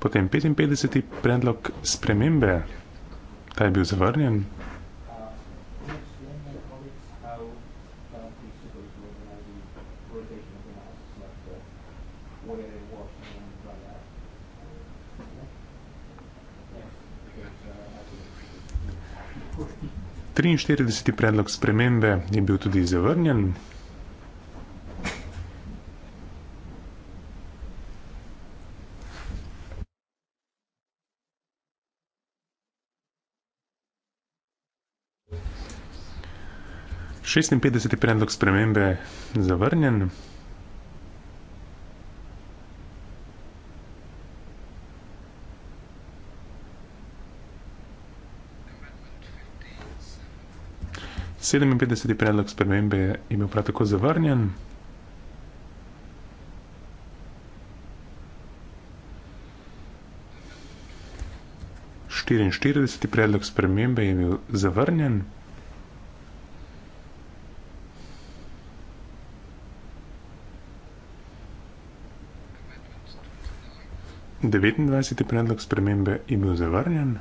Potem 55. predlog spremembe, ta je bil zavrnjen. Trinštirideseti predlog spremembe je bil tudi zavrnjen. 56. predlog spremembe zavrnjen. Sedeminpetdeseti predlog spremembe je bil prav tako zavrnjen. Štiriinštirideseti predlog spremembe je bil zavrnjen. 29. predlog spremembe je bil zavrnjen.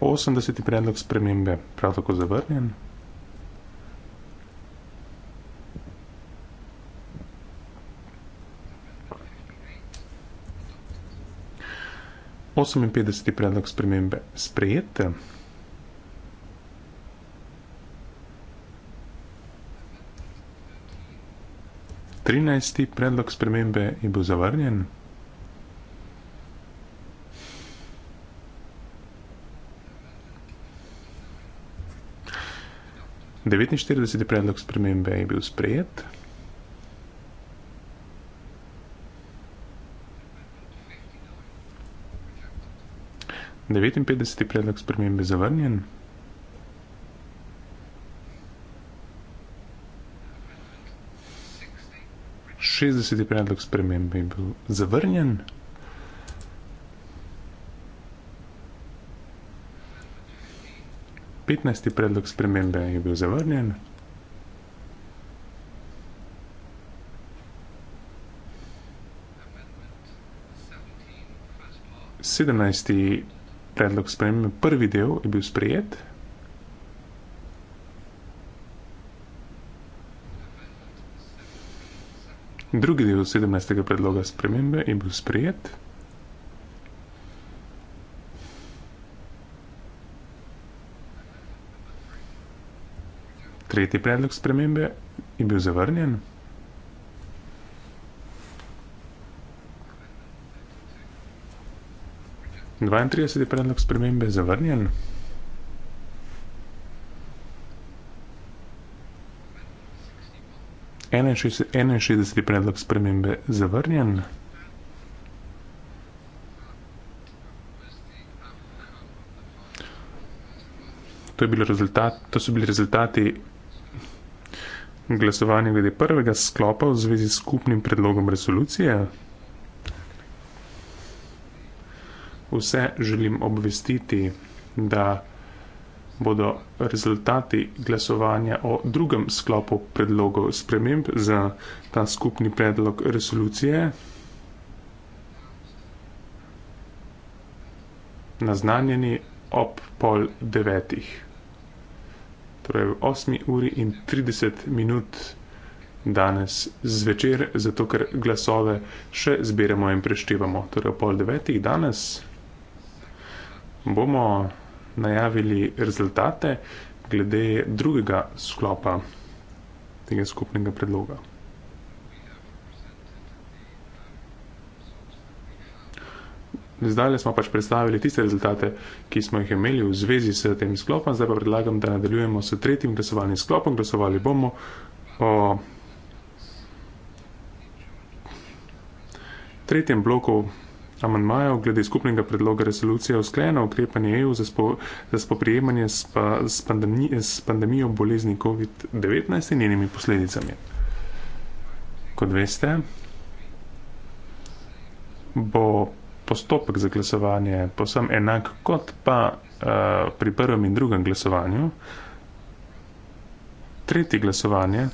Osemdeseti predlog spremembe prav tako zavrnjen. Oseminpetdeseti predlog spremembe sprejete. 13. predlog spremembe je bil zavrnjen. Devetinštirideseti predlog spremembe je bil sprejet. Devetinpetdeseti predlog spremembe je zavrnjen. 60. predlog sprememb je bil zavrnjen. Petnajsti predlog spremembe je bil zavrnjen. Sedemnajsti predlog spremembe, prvi del, je bil sprejet. Drugi del 17. predloga spremembe je bil sprejet. Tretji predlog spremembe je bil zavrnjen. Dvaintrideseti predlog spremembe je zavrnjen. 61. predlog spremembe zavrnjen. To, rezultat, to so bili rezultati glasovanja glede prvega sklopa v zvezi s skupnim predlogom resolucije. Vse želim obvestiti, da bodo rezultati glasovanja o drugem sklopu predlogov sprememb za ta skupni predlog resolucije naznanjeni ob pol devetih. Torej, v 8 uri in 30 minut danes zvečer, zato ker glasove še zbiramo in preštevamo. Torej, ob pol devetih danes bomo najavili rezultate glede drugega sklopa tega skupnega predloga. Zdaj smo pač predstavili tiste rezultate, ki smo jih imeli v zvezi s tem sklopom, zdaj pa predlagam, da nadaljujemo s tretjim glasovalnim sklopom. Glasovali bomo o tretjem bloku amantmajev glede skupnega predloga resolucije o sklenu ukrepanje EU za, spo, za spoprijemanje s, pa, s, pandemi, s pandemijo bolezni COVID-19 in njenimi posledicami. Kot veste, bo postopek za glasovanje posem enak kot pa uh, pri prvem in drugem glasovanju. Tretje glasovanje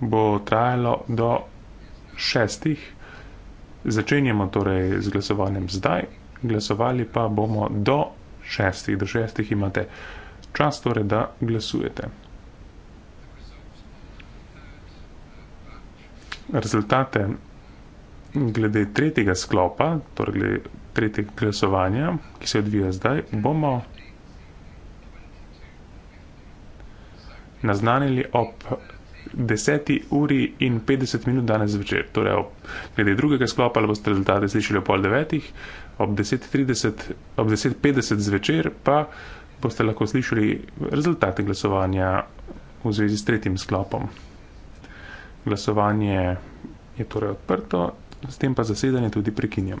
bo trajalo do šestih Začenjamo torej z glasovanjem zdaj, glasovali pa bomo do šestih. Do šestih imate čas, torej da glasujete. Rezultate glede tretjega sklopa, torej glede tretjega glasovanja, ki se odvija zdaj, bomo naznanili ob 10 uri in 50 minut danes zvečer. Torej, ob, glede drugega sklopa, ali boste rezultate slišali ob pol devetih, ob 10.30, ob 10.50 zvečer pa boste lahko slišali rezultate glasovanja v zvezi s tretjim sklopom. Glasovanje je torej odprto, s tem pa zasedanje tudi prekinjam.